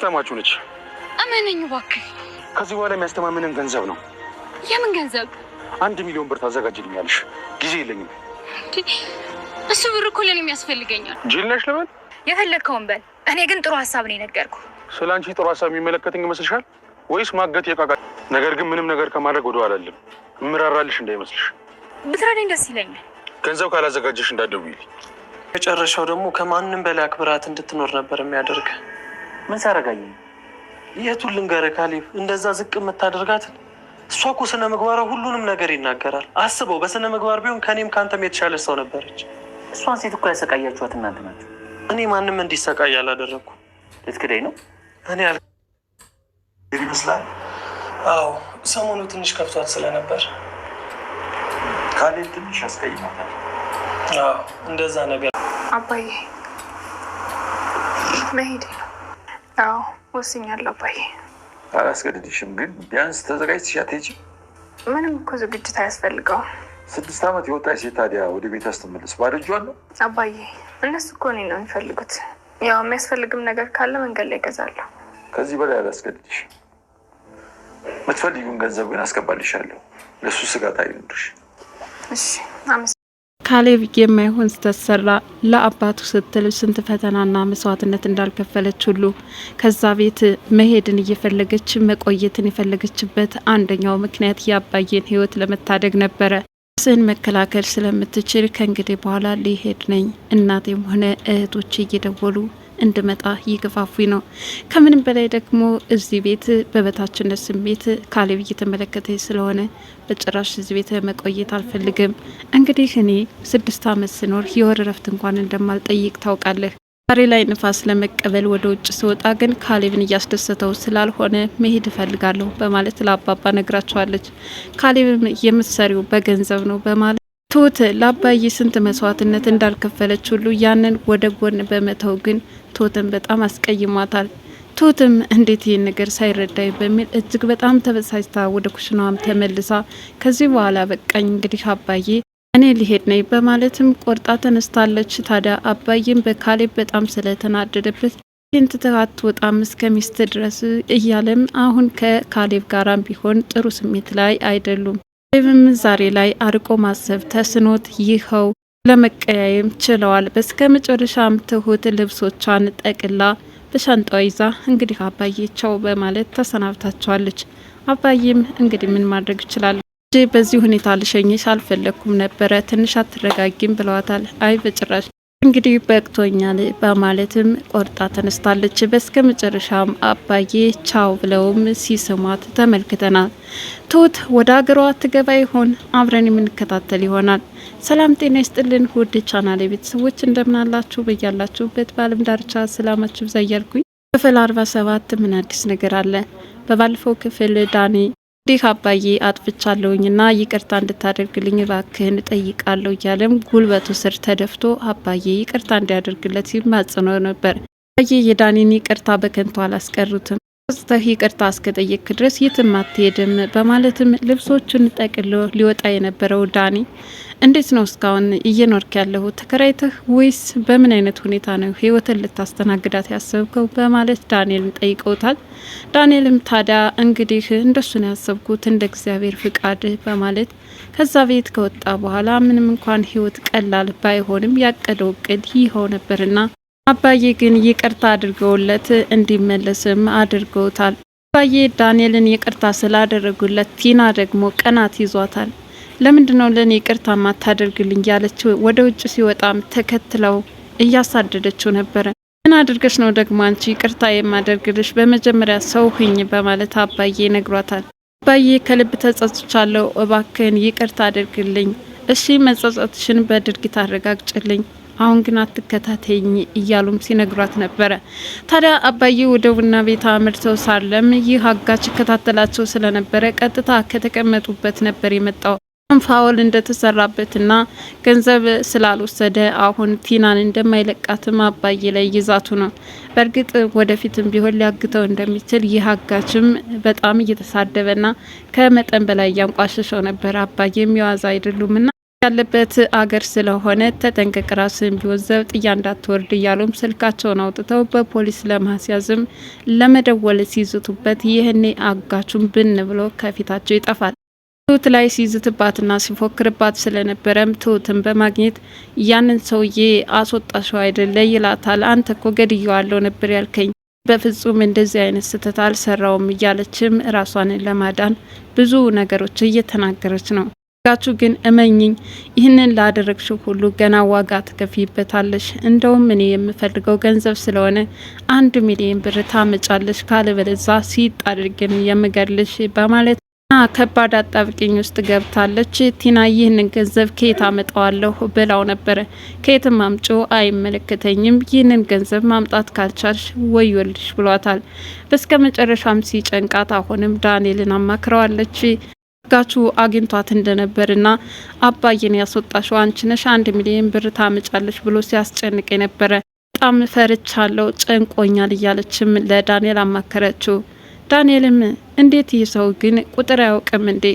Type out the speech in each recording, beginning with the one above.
ሲስተማችሁ ነች። እመነኝ እባክህ። ከዚህ በኋላ የሚያስተማምንን ገንዘብ ነው። የምን ገንዘብ? አንድ ሚሊዮን ብር ታዘጋጅልኛለሽ? ጊዜ የለኝም። እሱ ብር እኮ ለእኔም ያስፈልገኛል። ጅል ልበል? የፈለግከውን በል። እኔ ግን ጥሩ ሀሳብ ነው የነገርኩ። ስለ አንቺ ጥሩ ሀሳብ የሚመለከትኝ ይመስልሻል? ወይስ ማገት የቃቃ? ነገር ግን ምንም ነገር ከማድረግ ወደ ኋላ አልልም። እምራራልሽ እንዳይመስልሽ። ብትረዳኝ ደስ ይለኛል። ገንዘብ ካላዘጋጀሽ እንዳትደውይልኝ። መጨረሻው ደግሞ ከማንም በላይ አክብራት እንድትኖር ነበር የሚያደርግ ምን ሲያረጋኝ? የቱን ልንገርህ ካሌብ፣ እንደዛ ዝቅ የምታደርጋትን እሷ እኮ ስነ ምግባሯ ሁሉንም ነገር ይናገራል። አስበው፣ በስነ ምግባር ቢሆን ከእኔም ከአንተም የተሻለ ሰው ነበረች። እሷን ሴት እኮ ያሰቃያችኋት እናንተ ናቸው። እኔ ማንም እንዲሰቃይ አላደረግኩ። ልትክደኝ ነው? እኔ አል ይመስላል። አዎ፣ ሰሞኑ ትንሽ ከብቷት ስለነበር ካሌብ ትንሽ ያስቀይማታል። አዎ፣ እንደዛ ነገር አባዬ መሄድ ነው አዎ ወስኛለሁ አባዬ። አላስገድድሽም፣ ግን ቢያንስ ተዘጋጅተሽ አትሄጂም? ምንም እኮ ዝግጅት አያስፈልገውም ስድስት ዓመት የወጣች ሴት ታዲያ ወደ ቤት ስትመለስ ባዶ እጇን ነው አባዬ። እነሱ እኮ እኔ ነው የሚፈልጉት። ያው የሚያስፈልግም ነገር ካለ መንገድ ላይ እገዛለሁ። ከዚህ በላይ አላስገድድሽም። የምትፈልጊውን ገንዘብ ግን አስገባልሻለሁ። ለእሱ ስጋት አይኑርሽ እሺ። ካሌብ የማይሆን ስተሰራ ለአባቱ ስትል ስንት ፈተናና መስዋዕትነት እንዳልከፈለች ሁሉ ከዛ ቤት መሄድን እየፈለገች መቆየትን የፈለገችበት አንደኛው ምክንያት የአባዬን ህይወት ለመታደግ ነበረ። ራስን መከላከል ስለምትችል ከእንግዲህ በኋላ ሊሄድ ነኝ፣ እናቴም ሆነ እህቶቼ እየደወሉ እንድመጣ ይግፋፉ ነው። ከምንም በላይ ደግሞ እዚህ ቤት በበታችነት ስሜት ካሌብ እየተመለከተ ስለሆነ በጭራሽ እዚህ ቤት መቆየት አልፈልግም። እንግዲህ እኔ ስድስት ዓመት ስኖር የወር እረፍት እንኳን እንደማልጠይቅ ታውቃለህ። ዛሬ ላይ ንፋስ ለመቀበል ወደ ውጭ ስወጣ ግን ካሌብን እያስደሰተው ስላልሆነ መሄድ እፈልጋለሁ በማለት ለአባባ ነግራቸዋለች። ካሌብም የምትሰሪው በገንዘብ ነው በማለት ትሁት ለአባዬ ስንት መስዋዕትነት እንዳልከፈለች ሁሉ ያንን ወደ ጎን በመተው ግን ትሁትን በጣም አስቀይሟታል። ትሁትም እንዴት ይህን ነገር ሳይረዳኝ በሚል እጅግ በጣም ተበሳጭታ ወደ ኩሽናዋም ተመልሳ ከዚህ በኋላ በቃኝ እንግዲህ አባዬ እኔ ሊሄድ ነኝ በማለትም ቆርጣ ተነስታለች። ታዲያ አባዬም በካሌብ በጣም ስለተናደደበት ይህን ትትሀት ወጣም እስከ ሚስት ድረስ እያለም አሁን ከካሌብ ጋራም ቢሆን ጥሩ ስሜት ላይ አይደሉም። ዴቭም ዛሬ ላይ አርቆ ማሰብ ተስኖት ይኸው ለመቀያየም ችለዋል። በስከ መጨረሻም ትሁት ልብሶቿን ጠቅላ በሻንጣዋ ይዛ እንግዲህ አባዬቸው በማለት ተሰናብታቸዋለች። አባዬም እንግዲህ ምን ማድረግ ይችላል እንጂ በዚህ ሁኔታ ልሸኝሽ አልፈለግኩም ነበረ ትንሽ አትረጋጊም ብለዋታል። አይ በጭራሽ እንግዲህ በቅቶኛል በማለትም ቆርጣ ተነስታለች። በስከ መጨረሻም አባዬ ቻው ብለውም ሲስሟት ተመልክተናል። ትሁት ወደ አገሯ ትገባ ይሆን? አብረን የምንከታተል ይሆናል። ሰላም ጤና ይስጥልን ውድ ቻናል ቤተሰቦች እንደምናላችሁ በያላችሁበት በአለም ዳርቻ ሰላማችሁ ብዛ እያልኩኝ ክፍል አርባ ሰባት ምን አዲስ ነገር አለ? በባለፈው ክፍል ዳኔ። እንዲህ አባዬ አጥፍቻለሁኝና ይቅርታ እንድታደርግልኝ እባክህን እጠይቃለሁ እያለም ጉልበቱ ስር ተደፍቶ አባዬ ይቅርታ እንዲያደርግለት ሲማጽኖ ነበር። አባዬ የዳኒን ይቅርታ በከንቱ አላስቀሩትም። ወጽተህ ይቅርታ እስከጠየክ ድረስ የትም አትሄድም በማለትም ልብሶቹን ጠቅሎ ሊወጣ የነበረው ዳኒ እንዴት ነው እስካሁን እየኖርክ ያለሁ? ተከራይተህ ወይስ በምን አይነት ሁኔታ ነው ህይወትን ልታስተናግዳት ያሰብከው? በማለት ዳንኤልን ጠይቀውታል። ዳንኤልም ታዲያ እንግዲህ እንደሱን ያሰብኩት እንደ እግዚአብሔር ፍቃድ በማለት ከዛ ቤት ከወጣ በኋላ ምንም እንኳን ህይወት ቀላል ባይሆንም ያቀደው እቅድ ይኸው ነበርና አባዬ ግን ይቅርታ አድርገውለት እንዲመለስም አድርገውታል። አባዬ ዳንኤልን ይቅርታ ስላደረጉለት ቲና ደግሞ ቀናት ይዟታል። ለምንድ ነው ለእኔ ይቅርታ ማታደርግልኝ ያለችው ወደ ውጭ ሲወጣም ተከትለው እያሳደደችው ነበረ። ምን አድርገሽ ነው ደግሞ አንቺ ይቅርታ የማደርግልሽ? በመጀመሪያ ሰው ሁኝ በማለት አባዬ ነግሯታል። አባዬ ከልብ ተጸጽቻለሁ፣ እባክህን ይቅርታ አድርግልኝ። እሺ መጸጸትሽን በድርጊት አረጋግጭልኝ አሁን ግን አትከታተኝ እያሉም ሲነግሯት ነበረ። ታዲያ አባዬ ወደ ቡና ቤት አምርተው ሳለም ይህ አጋች ይከታተላቸው ስለነበረ ቀጥታ ከተቀመጡበት ነበር የመጣው። ፋውል እንደተሰራበትና ገንዘብ ስላልወሰደ አሁን ቲናን እንደማይለቃትም አባዬ ላይ ይዛቱ ነው። በእርግጥ ወደፊትም ቢሆን ሊያግተው እንደሚችል ይህ አጋችም በጣም እየተሳደበና ከመጠን በላይ እያንቋሸሸው ነበር። አባዬ የሚዋዛ አይደሉምና ያለበት አገር ስለሆነ ተጠንቀቅ፣ ራስን ቢወዝ ዘብጥያ እንዳትወርድ እያሉም ስልካቸውን አውጥተው በፖሊስ ለማስያዝም ለመደወል ሲዝቱበት ይህኔ አጋቹም ብን ብሎ ከፊታቸው ይጠፋል። ትሁት ላይ ሲዝትባትና ሲፎክርባት ስለነበረም ትሁትን በማግኘት ያንን ሰውዬ አስወጣሸው አይደለ ይላታል። አንተ ኮ ገድየዋለው ነበር ያልከኝ፣ በፍጹም እንደዚህ አይነት ስህተት አልሰራውም እያለችም ራሷን ለማዳን ብዙ ነገሮች እየተናገረች ነው። ጋችሁ ግን እመኝኝ፣ ይህንን ላደረግሽው ሁሉ ገና ዋጋ ትከፊበታለሽ። እንደውም እኔ የምፈልገው ገንዘብ ስለሆነ አንድ ሚሊዮን ብር ታመጫለሽ፣ ካለበለዛ ሲጥ አድርግን በማለት ከባድ አጣብቂኝ ውስጥ ገብታለች። ቲና ይህንን ገንዘብ ከየት አመጣዋለሁ ብላው ነበረ። ከየትም ማምጮ አይመለከተኝም፣ ይህንን ገንዘብ ማምጣት ካልቻልሽ ወዮልሽ ብሏታል። በስከ መጨረሻም ሲጨንቃት አሁንም ዳንኤልን አማክረዋለች። ጋቹ አግኝቷት እንደነበርና አባዬን ያስወጣሽው አንቺ ነሽ፣ አንድ ሚሊዮን ብር ታመጫለች ብሎ ሲያስጨንቅ ነበረ። በጣም ፈርቻለው፣ ጨንቆኛል እያለችም ለዳንኤል አማከረችው። ዳንኤልም እንዴት ይህ ሰው ግን ቁጥር አያውቅም እንዴ?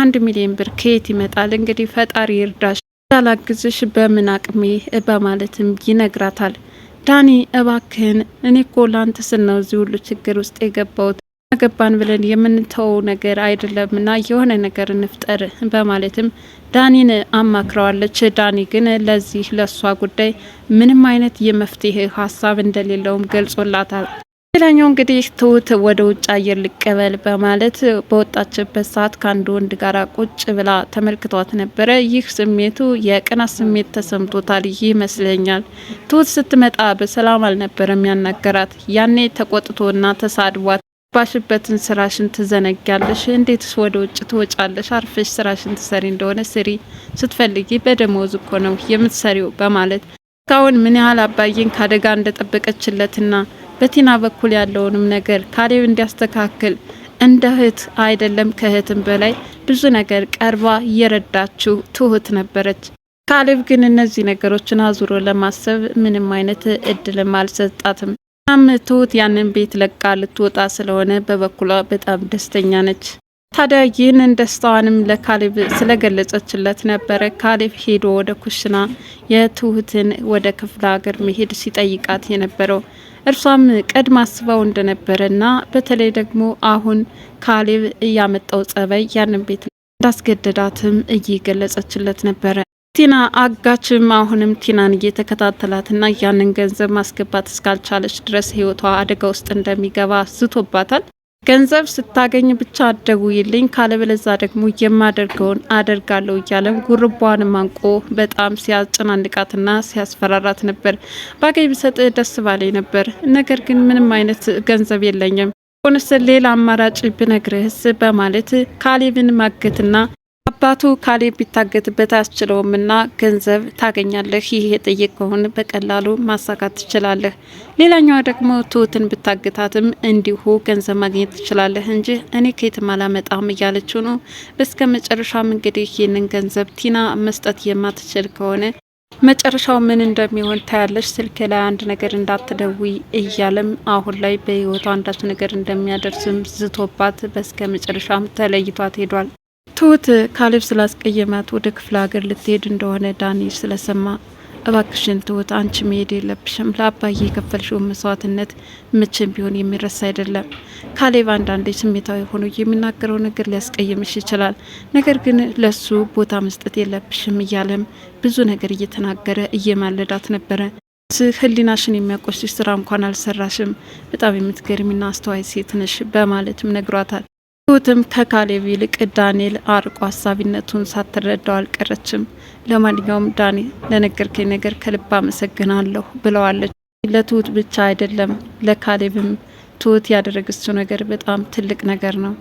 አንድ ሚሊዮን ብር ከየት ይመጣል? እንግዲህ ፈጣሪ ይርዳሽ፣ እንዳላግዝሽ በምን አቅሜ በማለትም ይነግራታል። ዳኒ እባክህን፣ እኔ እኮ ላንተ ስል ነው እዚህ ሁሉ ችግር ውስጥ የገባሁት ገባን ብለን የምንተው ነገር አይደለም እና የሆነ ነገር እንፍጠር በማለትም ዳኒን አማክረዋለች። ዳኒ ግን ለዚህ ለእሷ ጉዳይ ምንም አይነት የመፍትሄ ሀሳብ እንደሌለውም ገልጾላታል። ሌላኛው እንግዲህ ትሁት ወደ ውጭ አየር ልቀበል በማለት በወጣችበት ሰዓት ከአንድ ወንድ ጋር ቁጭ ብላ ተመልክቷት ነበረ። ይህ ስሜቱ የቅናት ስሜት ተሰምቶታል ይመስለኛል። ትሁት ስትመጣ በሰላም አልነበረም ያናገራት። ያኔ ተቆጥቶና ተሳድቧት ባሽበትን ስራሽን ትዘነጊያለሽ፣ እንዴትስ ወደ ውጭ ትወጫለሽ? አርፈሽ ስራሽን ትሰሪ እንደሆነ ስሪ፣ ስትፈልጊ በደሞዝ እኮ ነው የምትሰሪው በማለት እስካሁን ምን ያህል አባዬን ከአደጋ እንደጠበቀችለትና በቲና በኩል ያለውንም ነገር ካሌብ እንዲያስተካክል እንደ እህት አይደለም ከእህትም በላይ ብዙ ነገር ቀርባ እየረዳችው ትሁት ነበረች። ካሌብ ግን እነዚህ ነገሮችን አዙሮ ለማሰብ ምንም አይነት እድልም አልሰጣትም። በጣም ትሁት ያንን ቤት ለቃ ልትወጣ ስለሆነ በበኩሏ በጣም ደስተኛ ነች። ታዲያ ይህንን ደስታዋንም ለካሌብ ስለገለጸችለት ነበረ። ካሌብ ሄዶ ወደ ኩሽና የትሁትን ወደ ክፍለ ሀገር መሄድ ሲጠይቃት የነበረው እርሷም ቀድማ አስባው እንደነበረና በተለይ ደግሞ አሁን ካሌብ እያመጣው ጸባይ ያንን ቤት እንዳስገደዳትም እየገለጸችለት ነበረ። ቲና አጋችም አሁንም ቲናን እየተከታተላትና ያንን ገንዘብ ማስገባት እስካልቻለች ድረስ ህይወቷ አደጋ ውስጥ እንደሚገባ ስቶባታል። ገንዘብ ስታገኝ ብቻ አትደውይልኝ ካለበለዛ ደግሞ የማደርገውን አደርጋለሁ እያለ ጉርቧን ማንቆ በጣም ሲያጨናንቃትና ሲያስፈራራት ነበር። ባገኝ ብሰጥ ደስ ባለኝ ነበር፣ ነገር ግን ምንም አይነት ገንዘብ የለኝም፣ ቁንስ ሌላ አማራጭ ብነግርህስ በማለት ካሌብን ማገትና አባቱ ካሌብ ቢታገትበት አስችለውምና ገንዘብ ታገኛለህ፣ ይህ ከሆን በቀላሉ ማሳካት ትችላለህ። ሌላኛዋ ደግሞ ትሁትን ብታገታትም እንዲሁ ገንዘብ ማግኘት ትችላለህ እንጂ እኔ ከየትም አላመጣም እያለችው ነው። በስከ መጨረሻም እንግዲህ ይህንን ገንዘብ ቲና መስጠት የማትችል ከሆነ መጨረሻው ምን እንደሚሆን ታያለች። ስልክ ላይ አንድ ነገር እንዳትደዊ እያለም አሁን ላይ በህይወቷ አንዳች ነገር እንደሚያደርስም ዝቶባት በስከ መጨረሻም ተለይቷት ሄዷል። ትሁት ካሌብ ስላስቀየማት ወደ ክፍለ ሀገር ልትሄድ እንደሆነ ዳኒ ስለሰማ እባክሽን ትሁት አንቺ መሄድ የለብሽም። ለአባዬ የከፈልሽው መስዋዕትነት መቼም ቢሆን የሚረሳ አይደለም። ካሌብ አንዳንዴ ስሜታዊ ሆኖ የሚናገረው ነገር ሊያስቀይምሽ ይችላል፣ ነገር ግን ለሱ ቦታ መስጠት የለብሽም እያለም ብዙ ነገር እየተናገረ እየማለዳት ነበረ። ህሊናሽን የሚያቆስሽ ስራ እንኳን አልሰራሽም፣ በጣም የምትገርሚና አስተዋይ ሴት ነሽ በማለትም ነግሯታል። ትሁትም ከካሌብ ይልቅ ዳንኤል አርቆ ሀሳቢነቱን ሳትረዳው አልቀረችም። ለማንኛውም ዳኒ ለነገርከኝ ነገር ከልብ አመሰግናለሁ ብለዋለች። ለትሁት ብቻ አይደለም ለካሌብም ትሁት ያደረገችው ነገር በጣም ትልቅ ነገር ነው።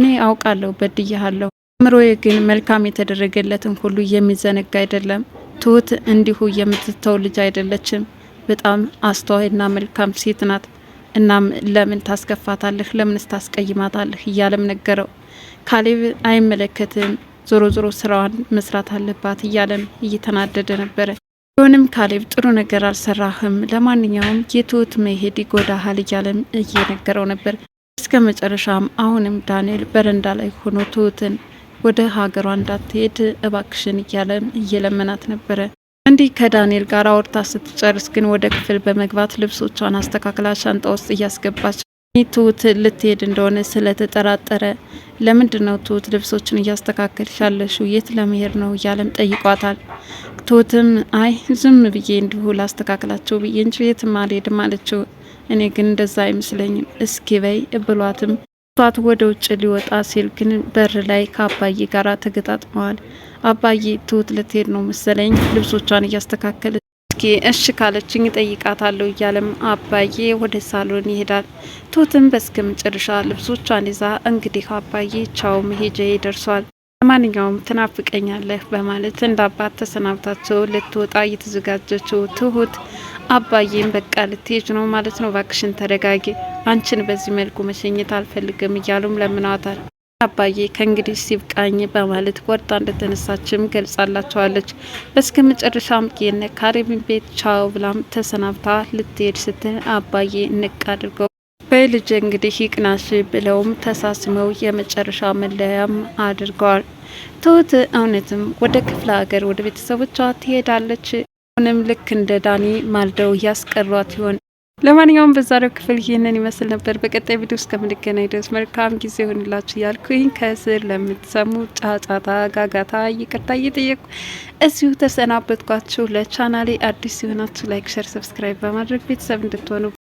እኔ አውቃለሁ በድያሃለሁ፣ አእምሮዬ ግን መልካም የተደረገለትን ሁሉ የሚዘነጋ አይደለም። ትሁት እንዲሁ የምትተው ልጅ አይደለችም። በጣም አስተዋይና መልካም ሴት ናት። እናም ለምን ታስከፋታለህ? ለምንስ ታስቀይማታለህ? እያለም ነገረው። ካሌብ አይመለከትም፣ ዞሮ ዞሮ ስራዋን መስራት አለባት እያለም እየተናደደ ነበረ። ቢሆንም ካሌብ ጥሩ ነገር አልሰራህም፣ ለማንኛውም የትሁት መሄድ ይጎዳሃል እያለም እየነገረው ነበር። እስከ መጨረሻም አሁንም ዳንኤል በረንዳ ላይ ሆኖ ትሁትን ወደ ሀገሯ እንዳትሄድ እባክሽን እያለም እየለመናት ነበረ። እንዲህ ከዳንኤል ጋር አውርታ ስትጨርስ ግን ወደ ክፍል በመግባት ልብሶቿን አስተካክላ ሻንጣ ውስጥ እያስገባች ትሁት ልትሄድ እንደሆነ ስለተጠራጠረ ለምንድን ነው ትሁት ልብሶችን እያስተካከልሽ ያለሽው የት ለመሄድ ነው እያለም ጠይቋታል። ትሁትም አይ ዝም ብዬ እንዲሁ ላስተካክላቸው ብዬ እንጂ የትም አልሄድም አለችው። እኔ ግን እንደዛ አይመስለኝም እስኪ በይ ብሏትም ቷት ወደ ውጭ ሊወጣ ሲል ግን በር ላይ ከአባዬ ጋር ተገጣጥመዋል። አባዬ ትሁት ልትሄድ ነው መሰለኝ ልብሶቿን እያስተካከለ እስኪ እሺ ካለችኝ ጠይቃታለሁ እያለም አባዬ ወደ ሳሎን ይሄዳል። ትውትም በስከ መጨረሻ ልብሶቿን ይዛ እንግዲህ አባዬ ቻው መሄጃ ይደርሷል። ለማንኛውም ትናፍቀኛለህ በማለት እንደ አባት ተሰናብታቸው ልትወጣ እየተዘጋጀችው ትሁት አባዬም በቃ ልትሄጅ ነው ማለት ነው፣ እባክሽን ተረጋጊ፣ አንቺን በዚህ መልኩ መሸኘት አልፈልግም እያሉም ለምናዋታል። አባዬ ከእንግዲህ ሲብቃኝ በማለት ወርጣ እንደተነሳችም ገልጻላቸዋለች። እስከ መጨረሻም የነ ካሪምን ቤት ቻው ብላም ተሰናብታ ልትሄድ ስትል አባዬ ንቅ አድርገው በልጅ እንግዲህ ይቅናሽ ብለውም ተሳስመው የመጨረሻ መለያም አድርገዋል። ትሁት እውነትም ወደ ክፍለ ሀገር ወደ ቤተሰቦቿ ትሄዳለች። አሁንም ልክ እንደ ዳኒ ማልደው እያስቀሯት ይሆን? ለማንኛውም በዛሬው ክፍል ይህንን ይመስል ነበር። በቀጣይ ቪዲዮ እስከምንገናኝ ድረስ መልካም ጊዜ ሆንላችሁ እያልኩ ይህን ከስር ለምትሰሙ ጫጫታ፣ ጋጋታ ይቅርታ እየጠየቁ እዚሁ ተሰናበትኳችሁ። ለቻናሌ አዲስ የሆናችሁ ላይክ፣ ሸር፣ ሰብስክራይብ በማድረግ ቤተሰብ እንድትሆኑ